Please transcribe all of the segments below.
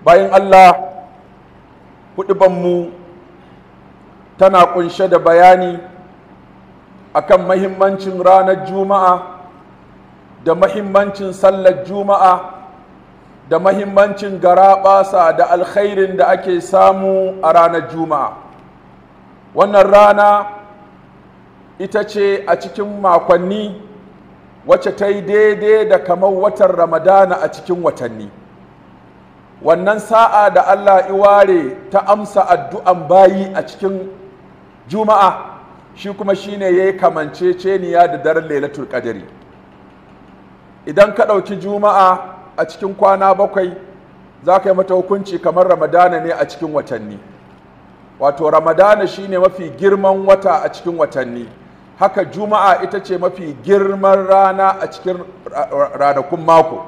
bayan Allah mu tana kunshe da bayani akan mahimmancin ranar juma'a da mahimmancin sallar juma'a da mahimmancin garaɓasa da alkhairin da ake samu a ranar juma'a wannan rana ita ce a cikin makonni wacce ta yi daidai da kamar watan ramadana a cikin watanni wannan sa'a da Allah iware ta amsa addu'an bayi a cikin juma'a shi kuma shi ne ya yi kamanceceniya da daren lailatul qadari idan ka ɗauki juma'a a cikin kwana bakwai za ka yi mata hukunci kamar ramadana ne a cikin watanni wato ramadana shi ne mafi girman wata a cikin watanni haka juma'a ita ce mafi girman rana a cikin ranakun mako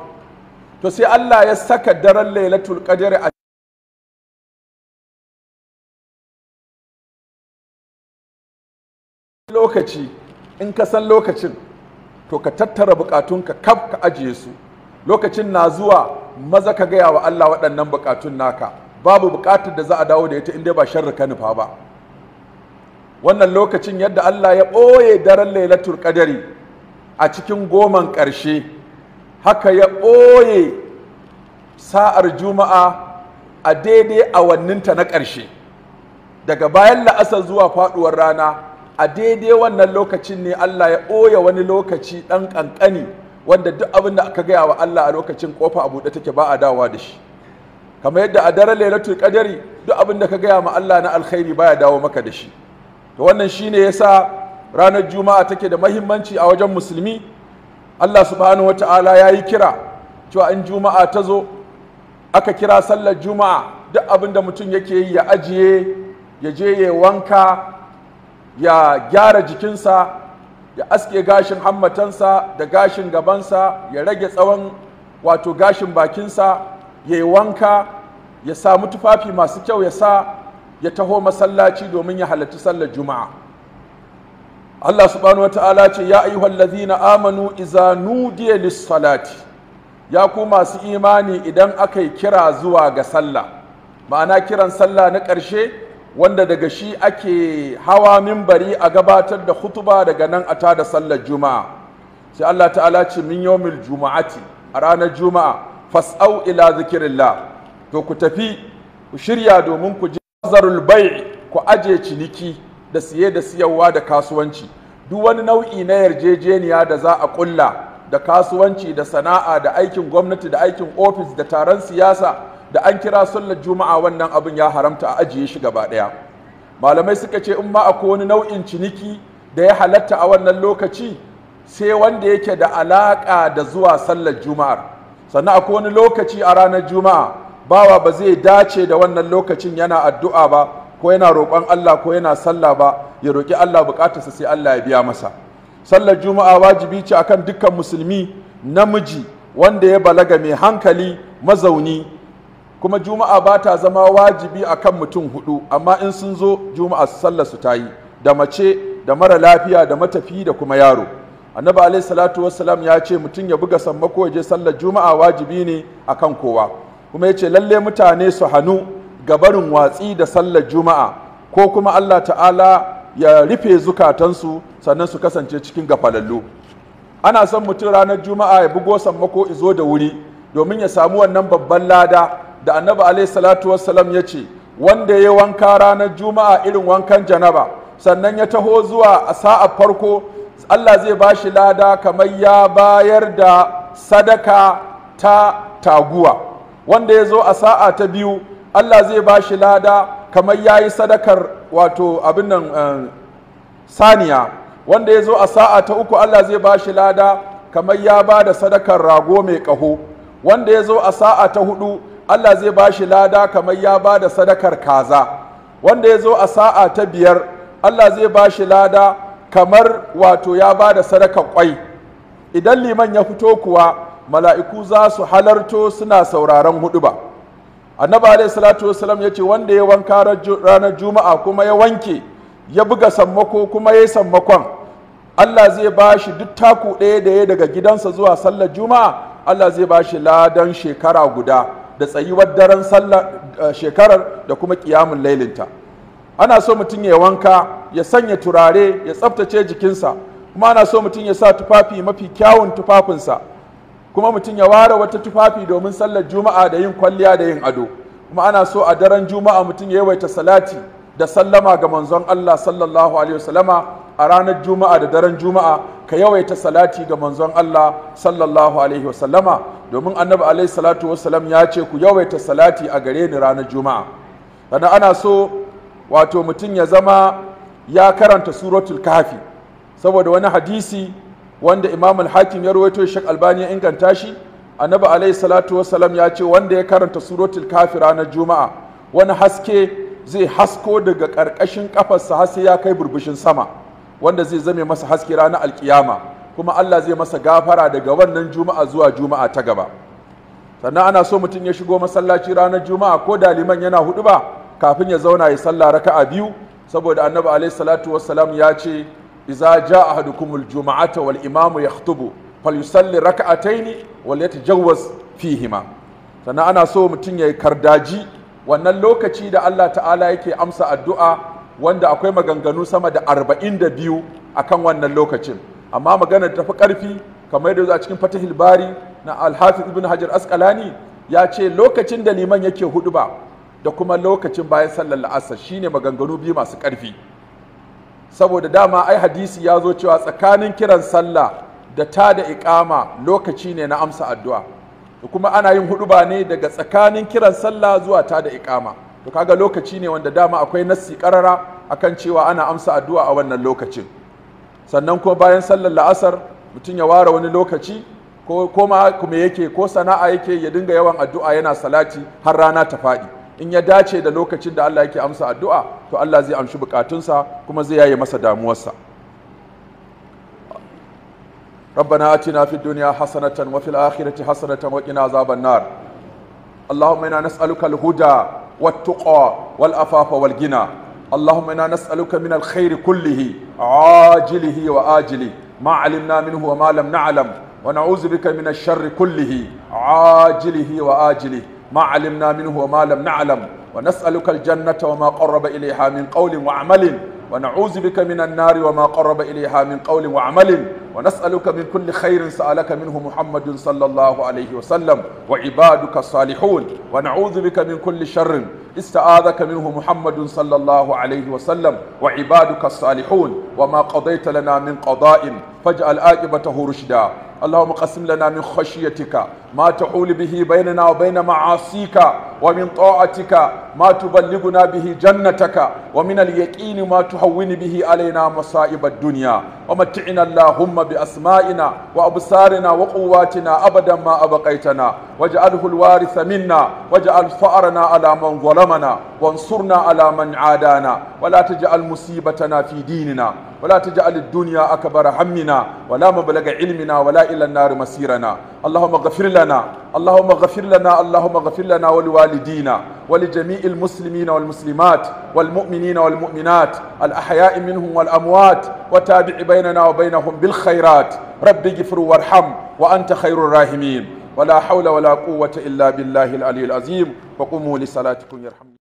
to sai Allah ya saka daren lailatul qadr a lokaci in ka san lokacin to ka tattara bukatunka kaf ka ajiye su lokacin na zuwa maza ka gaya wa Allah waɗannan bukatun naka babu bukatar da za a dawo da ita inda ba sharri ka nufa ba wannan lokacin yadda Allah ya ɓoye daren lailatul a cikin goman ƙarshe haka ya ɓoye sa'ar juma'a a daidai awanninta na ƙarshe daga bayan la'asar zuwa faɗuwar rana a daidai wannan lokacin ne Allah ya ɓoye wani lokaci ɗan ƙanƙani wanda duk abin da aka gaya wa Allah a lokacin ƙofa a buɗe take ba a dawa da shi kamar yadda a daren lailatul qadari duk abin da ka gaya ma Allah na alkhairi baya dawo maka da shi to wannan shine yasa ranar juma'a take da mahimmanci a wajen musulmi Allah subhanahu ta'ala ya yi kira cewa in juma'a ta zo aka kira sallar juma'a duk abin da mutum yake yi ya ajiye ya je ya wanka ya gyara jikinsa ya aske gashin hammatansa da gashin gabansa ya rage tsawon wato gashin bakinsa ya yi wanka ya samu tufafi masu kyau ya sa ya taho masallaci domin ya halarci sallar juma'a Allah subhanahu wataala ce ya ayyuhal na amanu iza nudiya lis salati ya ku masu imani idan aka yi kira zuwa ga sallah ma'ana kiran sallah na ƙarshe wanda daga shi ake hawa mimbari a gabatar da hutuba daga nan a tada sallar juma'a sai Allah ta'ala ce min yawmil juma'ati a ranar juma'a fas'au ila zikirillah to ku tafi ku shirya domin ku ji zarul bai ku aje ciniki da siye da siyarwa da kasuwanci duk wani nau'i na yarjejeniya da za a kulla da kasuwanci da sana'a da aikin gwamnati da aikin ofis da taron siyasa da an kira sallar juma'a wannan abin ya haramta a ajiye shi gaba ɗaya malamai suka ce in ma akwai wani nau'in ciniki da ya halatta a wannan lokaci sai wanda yake da alaƙa da zuwa sallar juma'ar sannan akwai wani lokaci a ranar juma'a bawa ba zai dace da wannan lokacin yana addu'a ba ko yana roƙon Allah ko yana sallah ba ya roƙi Allah buƙatarsa sai Allah ya biya masa sallar juma'a wajibi ce akan dukkan musulmi namiji wanda ya balaga mai hankali mazauni kuma juma'a ba ta zama wajibi akan mutum hudu amma in sun zo juma'a sallar su tayi da mace da mara lafiya da matafi da kuma yaro annabi alaihi salatu wassalam ya ce mutum ya buga sammako ya je sallar juma'a wajibi ne akan kowa kuma ya ce lalle mutane su hannu gabarin watsi da sallar juma'a ko kuma Allah ta'ala ya rufe zukatansu sannan su kasance cikin gafalallu ana son mutum ranar juma'a ya bugo sammako izo da wuri domin ya samu wannan babban lada da annabi alaihi salatu wassalam ya ce wanda ya wanka ranar juma'a irin wankan janaba sannan ya taho zuwa a sa'a farko Allah zai ba shi lada kamar ya bayar da sadaka ta taguwa wanda ya zo a sa'a ta biyu Allah zai ba shi lada kamar ya yi sadakar wato abin nan eh, saniya wanda ya zo a sa'a ta uku Allah zai ba shi lada kamar ya ba da sadakar rago mai ƙaho wanda ya zo a sa'a ta hudu Allah zai ba shi lada kamar ya ba da sadakar kaza wanda ya zo a sa'a ta biyar Allah zai ba shi lada kamar wato ya ba da sadakar kwai idan liman ya fito kuwa mala'iku za su halarto suna sauraron hudu ba. annabi alaihi salatu wasalam ya ce wanda ya wanka ranar juma'a kuma ya wanke ya buga sammako kuma ya yi sammakon allah zai ba shi duk taku ɗaya da ya daga gidansa zuwa sallar juma'a allah zai ba shi ladan shekara guda da tsayuwar daren sallar eh, shekarar da kuma kiyamun lailinta ana so mutum ya wanka ya sanya turare ya tsaftace jikinsa kuma ana so mutum ya sa tufafi mafi kyawun tufafinsa kuma mutum ya ware wata tufafi domin sallar juma'a da yin kwalliya da yin ado kuma ana so a daren juma'a mutum ya yawaita salati da sallama ga manzon Allah sallallahu alaihi wasallama a ranar juma'a da daren juma'a ka yawaita salati ga manzon Allah sallallahu alaihi wasallama domin annabi alaihi salatu wasallam ya ce ku yawaita salati a gare ni ranar juma'a sannan ana so wato mutum ya zama ya karanta suratul kahfi saboda wani hadisi wanda imam al-hakim ya rawaito shek albani ya inganta shi annabi alayhi salatu wasalam ya ce wanda ya karanta suratul kafira ranar juma'a wani haske zai hasko daga karkashin kafarsa har sai ya kai burbushin sama wanda zai zame masa haske ranar alkiyama kuma Allah zai masa gafara daga wannan juma'a zuwa juma'a ta gaba sannan ana so mutum ya shigo masallaci ranar juma'a ko da liman yana hudu ba kafin ya zauna ya sallah raka'a biyu saboda annabi alayhi salatu wasalam ya ce idza jaa ahadukumul juma'ata wal imamu yakhutubu falyusalli rak'ataini wal yatajawwaz fihima sannan ana so mutum yayi kardaji wannan lokaci da Allah ta'ala yake amsa addu'a wanda akwai maganganu sama da arba'in da biyu akan wannan lokacin amma maganar fi karfi kamar yadda a cikin fatahil bari na Alhafi ibn hajar askalani ya ce lokacin da liman yake hudu ba da kuma lokacin bayan sallar la'asar shine maganganu biyu masu ƙarfi. saboda dama ai hadisi ya zo cewa tsakanin kiran sallah da ta da ikama lokaci ne na amsa addu'a to kuma ana yin huduba ne daga tsakanin kiran sallah zuwa ta da ikama to kaga lokaci ne wanda dama akwai nassi karara akan cewa ana amsa addu'a a wannan lokacin sannan kuma bayan sallar la'asar mutum ya ware wani lokaci ko koma kuma yake ko sana'a yake ya dinga yawan addu'a yana salati har rana ta faɗi in ya dace da lokacin da Allah yake amsa addu'a to Allah zai amshi bukatunsa kuma zai yaye masa damuwarsa ربنا آتنا في الدنيا حسنة وفي الآخرة حسنة وقنا عذاب النار اللهم إنا نسألك الهدى والتقى والأفاف والغنى اللهم إنا نسألك من الخير كله عاجله وآجله ما علمنا منه وما لم نعلم ونعوذ بك من الشر كله عاجله وآجله ما علمنا منه وما لم نعلم ونسألك الجنة وما قرب إليها من قول وعمل ونعوذ بك من النار وما قرب إليها من قول وعمل ونسألك من كل خير سألك منه محمد صلى الله عليه وسلم وعبادك الصالحون ونعوذ بك من كل شر استعاذك منه محمد صلى الله عليه وسلم وعبادك الصالحون وما قضيت لنا من قضاء فاجعل عاقبته رشدا اللهم قسم لنا من خشيتك ما تحول به بيننا وبين معاصيك ومن طاعتك ما تبلغنا به جنتك ومن اليقين ما تهون به علينا مصائب الدنيا ومتعنا اللهم بأسمائنا وأبصارنا وقواتنا أبدا ما أبقيتنا واجعله الوارث منا واجعل فأرنا على من ظلمنا وانصرنا على من عادانا ولا تجعل مصيبتنا في ديننا ولا تجعل الدنيا أكبر همنا ولا مبلغ علمنا ولا إلى النار مسيرنا اللهم اغفر لنا اللهم اغفر لنا اللهم اغفر لنا ولوالدينا ولجميع المسلمين والمسلمات والمؤمنين والمؤمنات الأحياء منهم والأموات وتابع بيننا وبينهم بالخيرات رب اغفر وارحم وأنت خير الراحمين ولا حول ولا قوة إلا بالله العلي العظيم وقوموا لصلاتكم يرحمكم